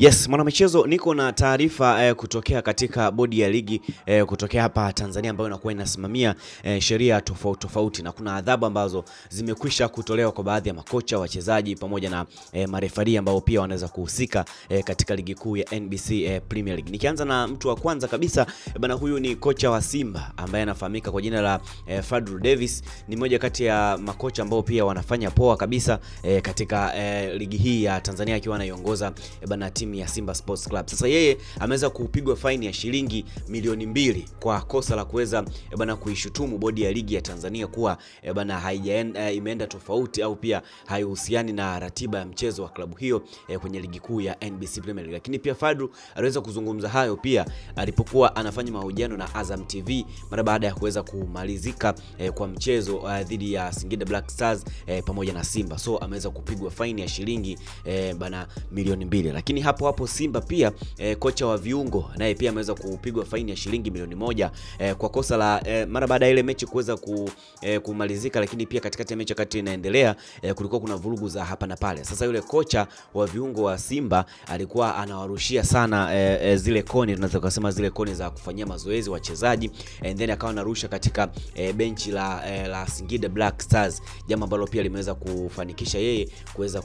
Yes, mwanamichezo, niko na taarifa eh, kutokea katika bodi ya ligi eh, kutokea hapa Tanzania ambayo inakuwa inasimamia eh, sheria tofauti tofauti, na kuna adhabu ambazo zimekwisha kutolewa kwa baadhi ya makocha, wachezaji pamoja na eh, marefari ambao pia wanaweza kuhusika eh, katika ligi kuu ya NBC eh, Premier League. Nikianza na mtu wa kwanza kabisa eh, bana, huyu ni kocha wa Simba ambaye anafahamika kwa jina la eh, Fadlu Davis. Ni mmoja kati ya makocha ambao pia wanafanya poa kabisa eh, katika eh, ligi hii ya Tanzania akiwa anaiongoza eh, bana timu timu ya Simba Sports Club. Sasa yeye ameweza kupigwa faini ya shilingi milioni mbili kwa kosa la kuweza eh, bana kuishutumu bodi ya ligi ya Tanzania kuwa eh, bana haijaenda e, imeenda tofauti au pia haihusiani na ratiba ya mchezo wa klabu hiyo e, kwenye ligi kuu ya NBC Premier League. Lakini pia Fadru aliweza kuzungumza hayo pia alipokuwa anafanya mahojiano na Azam TV mara baada ya kuweza kumalizika e, kwa mchezo dhidi ya Singida Black Stars e, pamoja na Simba. So ameweza kupigwa faini ya shilingi e, bana milioni mbili. Lakini hapa hapo hapo Simba pia e, kocha wa viungo naye pia ameweza kupigwa faini ya shilingi milioni moja e, kwa kosa la e, mara baada ya ile mechi kuweza ku, e, kumalizika, lakini pia katikati ya mechi wakati inaendelea e, kulikuwa kuna vurugu za hapa na pale. Sasa yule kocha wa viungo wa Simba alikuwa anawarushia sana e, e, zile koni tunaweza kusema zile koni za kufanyia mazoezi wachezaji and then akawa anarusha katika e, benchi la, e, la Singida Black Stars, jambo ambalo pia limeweza kufanikisha yeye kuweza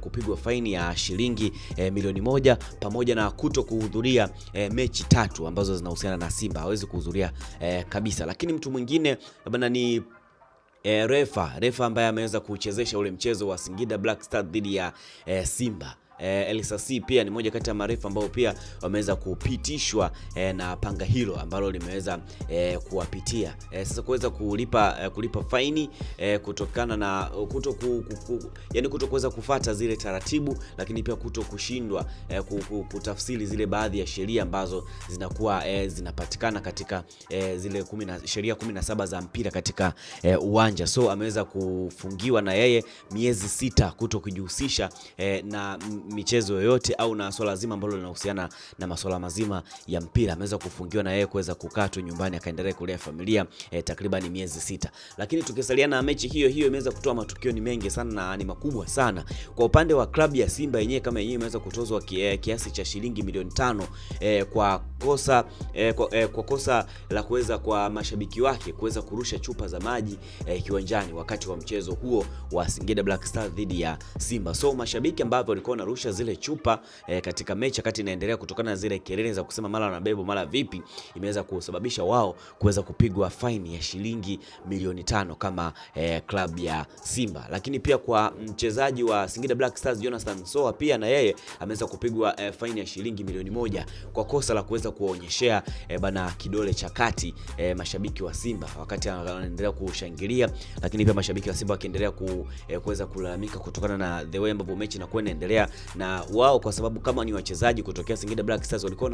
kupigwa faini ya shilingi e, milioni milioni moja pamoja na kuto kuhudhuria e, eh, mechi tatu ambazo zinahusiana na Simba, hawezi kuhudhuria e, kabisa. Lakini mtu mwingine bana ni e, refa refa ambaye ameweza kuchezesha ule mchezo wa Singida Black Star dhidi ya e, Simba eh, LSC pia ni moja kati ya marefu ambao pia wameweza kupitishwa eh, na panga hilo ambalo limeweza eh, kuwapitia eh, sasa kuweza kulipa eh, kulipa faini eh, kutokana na kuto ku, ku, ku, yani kuto kuweza kufata zile taratibu, lakini pia kuto kushindwa eh, kutafsiri zile baadhi ya sheria ambazo zinakuwa eh, zinapatikana katika eh, zile sheria 17 za mpira katika eh, uwanja. So ameweza kufungiwa na yeye miezi sita kuto kujihusisha eh, na michezo yoyote au na swala zima ambalo linahusiana na masuala mazima ya mpira. Ameweza kufungiwa na yeye kuweza kukaa tu nyumbani akaendelea kulea familia eh, takriban miezi sita. Lakini tukisalia na mechi hiyo hiyo imeweza kutoa matukio ni mengi sana na ni makubwa sana. Kwa upande wa klabu ya Simba yenyewe kama yenyewe imeweza kutozwa eh, kiasi cha shilingi milioni tano eh, kwa kosa eh, kwa, eh, kwa kosa la kuweza kwa mashabiki wake kuweza kurusha chupa za maji eh, kiwanjani wakati wa mchezo huo wa Singida Black Stars dhidi ya Simba. So mashabiki ambao walikuwa wanarusha kurusha zile chupa e, katika mechi wakati inaendelea, kutokana na zile kelele za kusema mara wanabebo mara vipi, imeweza kusababisha wao kuweza kupigwa faini ya shilingi milioni tano kama e, eh, klabu ya Simba. Lakini pia kwa mchezaji wa Singida Black Stars Jonathan Soa pia na yeye ameweza kupigwa e, faini ya shilingi milioni moja kwa kosa la kuweza kuwaonyeshea e, bana kidole cha kati e, mashabiki wa Simba wakati anaendelea kushangilia, lakini pia mashabiki wa Simba wakiendelea kuweza e, kulalamika kutokana na the way ambavyo mechi inakuwa inaendelea na wao kwa sababu kama ni wachezaji kutokea Singida Black Stars walikuwa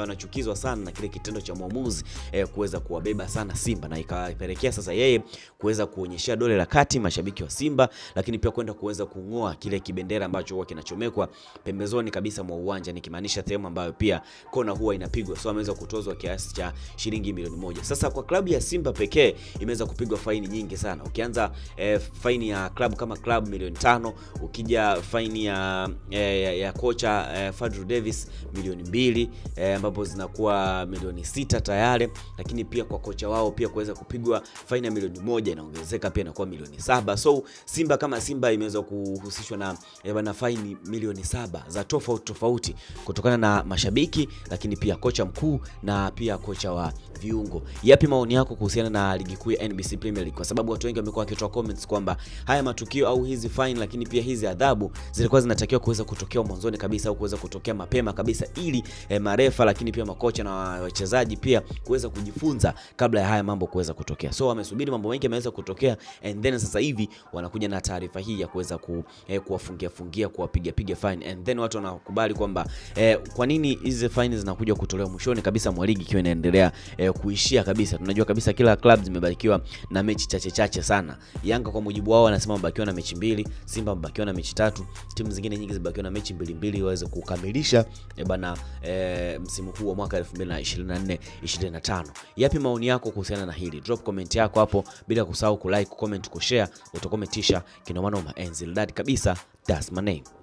wanachukizwa sana na kile kitendo cha mwamuzi eh, kuweza kuwabeba sana Simba na ikapelekea sasa yeye kuweza kuonyeshea dole la kati mashabiki wa Simba, lakini pia kwenda kuweza kung'oa kile kibendera ambacho huwa kinachomekwa pembezoni kabisa mwa uwanja, nikimaanisha sehemu ambayo pia kona huwa inapigwa. So ameweza kutozwa kiasi cha shilingi milioni moja. Sasa kwa klabu ya Simba pekee imeweza kupigwa faini nyingi sana, ukianza eh, faini ya klabu kama klabu milioni tano, ukija faini ya eh, ya kocha eh, Fadru Davis milioni mbili eh, ambapo zinakuwa milioni sita tayari, lakini pia kwa kocha wao pia kuweza kupigwa faini ya milioni moja inaongezeka pia inakuwa milioni saba. So Simba kama Simba imeweza kuhusishwa na eh, bana faini milioni saba za tofauti tofauti kutokana na mashabiki, lakini pia kocha mkuu na pia kocha wa viungo. Yapi maoni yako kuhusiana na ligi kuu ya NBC Premier League? Kwa sababu watu wengi wamekuwa wakitoa comments kwamba haya matukio au hizi fine, lakini pia hizi adhabu zilikuwa zinatakiwa kuweza kuweza kutokea mwanzoni kabisa au kuweza kutokea mapema kabisa ili e, marefa lakini pia makocha na wachezaji pia kuweza kujifunza kabla ya haya mambo kuweza kutokea. So wamesubiri mambo mengi yameweza kutokea and then sasa hivi wanakuja na taarifa hii ya kuweza ku, e, kuwafungia fungia kuwapiga piga fine and then watu wanakubali kwamba e, kwa nini hizi fine zinakuja kutolewa mwishoni kabisa mwa ligi ikiwa inaendelea e, kuishia kabisa. Tunajua kabisa kila club zimebarikiwa na mechi chache chache sana. Yanga kwa mujibu wao wanasema wamebakiwa na mechi mbili, Simba wamebakiwa na mechi tatu, timu zingine nyingi zibakiwa na mechi mbilimbili waweze kukamilisha e bana e, msimu huu wa mwaka 2024 25. Yapi maoni yako kuhusiana na hili? Drop comment yako hapo bila kusahau kulike, kucomment, kushare. Utakometisha kinomanoma enzi dad kabisa, that's my name.